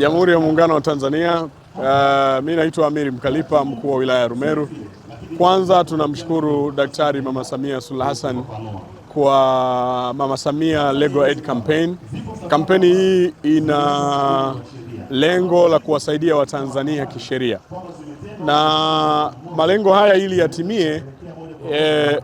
Jamhuri ya Muungano wa Tanzania. Uh, mi naitwa Amiri Mkalipa, mkuu wa wilaya ya Rumeru. Kwanza tunamshukuru Daktari Mama Samia Suluhu Hassan kwa Mama Samia Legal Aid Campaign. Kampeni hii ina lengo la kuwasaidia Watanzania kisheria na malengo haya ili yatimie, e,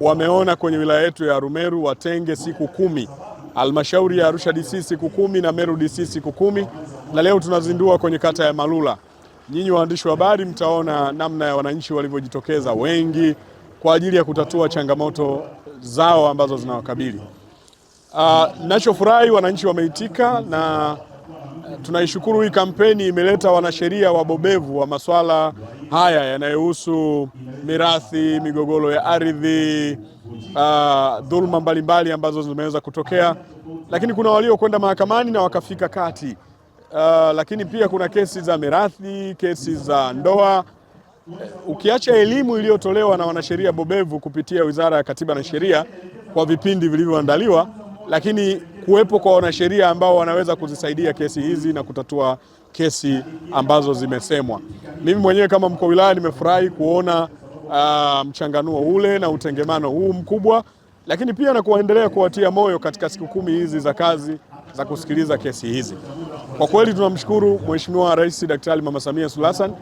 wameona kwenye wilaya yetu ya Rumeru watenge siku kumi, halmashauri ya Arusha DC siku kumi na Meru DC siku kumi na leo tunazindua kwenye kata ya Malula. Nyinyi waandishi wa habari mtaona namna ya wananchi walivyojitokeza wengi kwa ajili ya kutatua changamoto zao ambazo zinawakabili. Uh, ah, nachofurahi wananchi wameitika na tunaishukuru hii kampeni imeleta wanasheria wabobevu wa masuala haya yanayohusu mirathi, migogoro ya ardhi, uh, dhuluma mbalimbali ambazo zimeweza kutokea, lakini kuna waliokwenda mahakamani na wakafika kati uh, lakini pia kuna kesi za mirathi, kesi za ndoa. Uh, ukiacha elimu iliyotolewa na wanasheria bobevu kupitia Wizara ya Katiba na Sheria kwa vipindi vilivyoandaliwa, lakini kuwepo kwa wanasheria ambao wanaweza kuzisaidia kesi hizi na kutatua kesi ambazo zimesemwa. Mimi mwenyewe kama mkuu wa wilaya nimefurahi kuona uh, mchanganuo ule na utengemano huu mkubwa, lakini pia na kuendelea kuwatia moyo katika siku kumi hizi za kazi za kusikiliza kesi hizi. Kwa kweli tunamshukuru Mheshimiwa Rais Daktari Mama Samia Suluhu Hassan.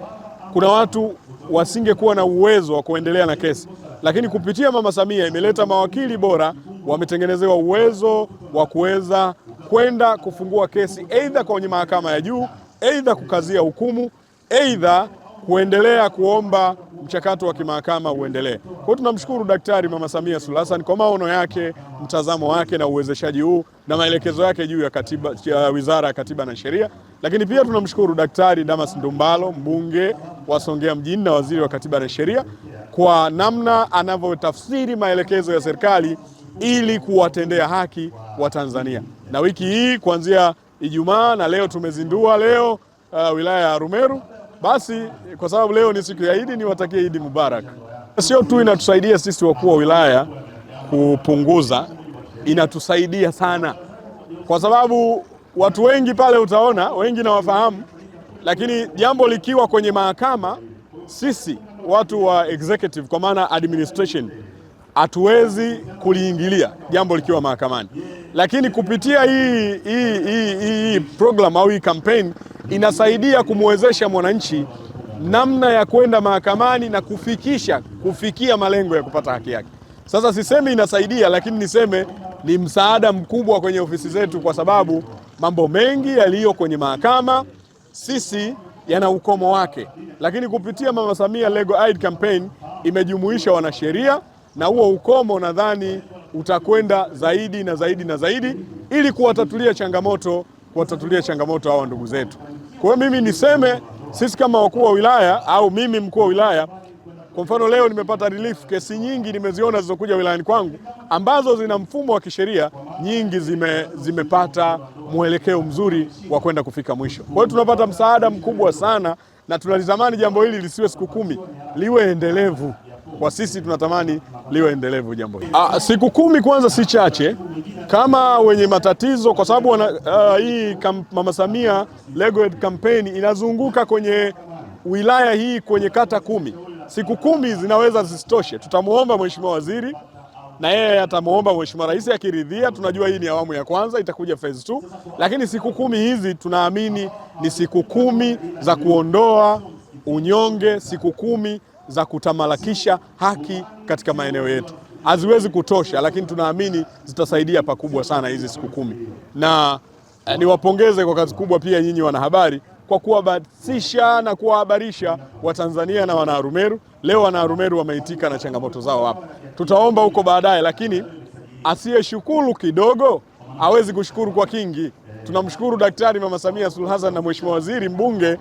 Kuna watu wasingekuwa na uwezo wa kuendelea na kesi, lakini kupitia Mama Samia imeleta mawakili bora, wametengenezewa uwezo wa kuweza kwenda kufungua kesi aidha kwenye mahakama ya juu, aidha kukazia hukumu, aidha kuendelea kuomba mchakato wa kimahakama uendelee. Kwa hiyo tunamshukuru Daktari Mama Samia Suluhu Hassan kwa maono yake, mtazamo wake na uwezeshaji huu na maelekezo yake juu ya katiba, ya Wizara ya Katiba na Sheria. Lakini pia tunamshukuru Daktari Damas Ndumbalo, mbunge wa Songea mjini na waziri wa Katiba na Sheria kwa namna anavyotafsiri maelekezo ya serikali ili kuwatendea haki wa Tanzania. Na wiki hii kuanzia Ijumaa na leo tumezindua leo uh, wilaya ya Rumeru basi kwa sababu leo ni siku ya Idi, niwatakie Idi Mubarak. Sio tu inatusaidia sisi wakuu wa wilaya kupunguza, inatusaidia sana, kwa sababu watu wengi pale utaona wengi nawafahamu, lakini jambo likiwa kwenye mahakama, sisi watu wa executive kwa maana administration hatuwezi kuliingilia jambo likiwa mahakamani, lakini kupitia hii, hii, hii, hii program au hii campaign inasaidia kumwezesha mwananchi namna ya kwenda mahakamani na kufikisha kufikia malengo ya kupata haki yake. Sasa sisemi inasaidia, lakini niseme ni msaada mkubwa kwenye ofisi zetu, kwa sababu mambo mengi yaliyo kwenye mahakama sisi yana ukomo wake, lakini kupitia Mama Samia Legal Aid Campaign imejumuisha wanasheria na huo ukomo nadhani utakwenda zaidi na zaidi na zaidi ili kuwatatulia changamoto kuwatatulia changamoto hawa ndugu zetu. Kwa hiyo mimi niseme sisi kama wakuu wa wilaya au mimi mkuu wa wilaya, kwa mfano leo nimepata relief, kesi nyingi nimeziona zilizokuja wilayani kwangu ambazo zina mfumo wa kisheria, nyingi zime, zimepata mwelekeo mzuri wa kwenda kufika mwisho. Kwa hiyo tunapata msaada mkubwa sana na tunalizamani jambo hili lisiwe siku kumi, liwe endelevu kwa sisi tunatamani liwe endelevu jambo hili. Ah, siku kumi kwanza si chache kama wenye matatizo, kwa sababu uh, hii Mama Samia Legal Campaign inazunguka kwenye wilaya hii kwenye kata kumi. Siku kumi zinaweza zisitoshe, tutamwomba mheshimiwa waziri na yeye atamwomba mheshimiwa rais akiridhia. Tunajua hii ni awamu ya kwanza, itakuja phase 2, lakini siku kumi hizi tunaamini ni siku kumi za kuondoa unyonge, siku kumi za kutamalakisha haki katika maeneo yetu. Haziwezi kutosha, lakini tunaamini zitasaidia pakubwa sana hizi siku kumi, na eh, niwapongeze kwa kazi kubwa pia nyinyi wanahabari kwa kuwabatisha na kuwahabarisha Watanzania na wanaarumeru Leo wanaarumeru wameitika na changamoto zao hapa, tutaomba huko baadaye, lakini asiyeshukuru kidogo hawezi kushukuru kwa kingi. Tunamshukuru Daktari Mama Samia Suluhu Hassan na Mheshimiwa Waziri Mbunge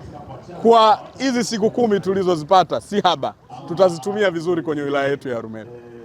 kwa hizi siku kumi tulizozipata si haba, tutazitumia vizuri kwenye wilaya yetu ya Arumeru.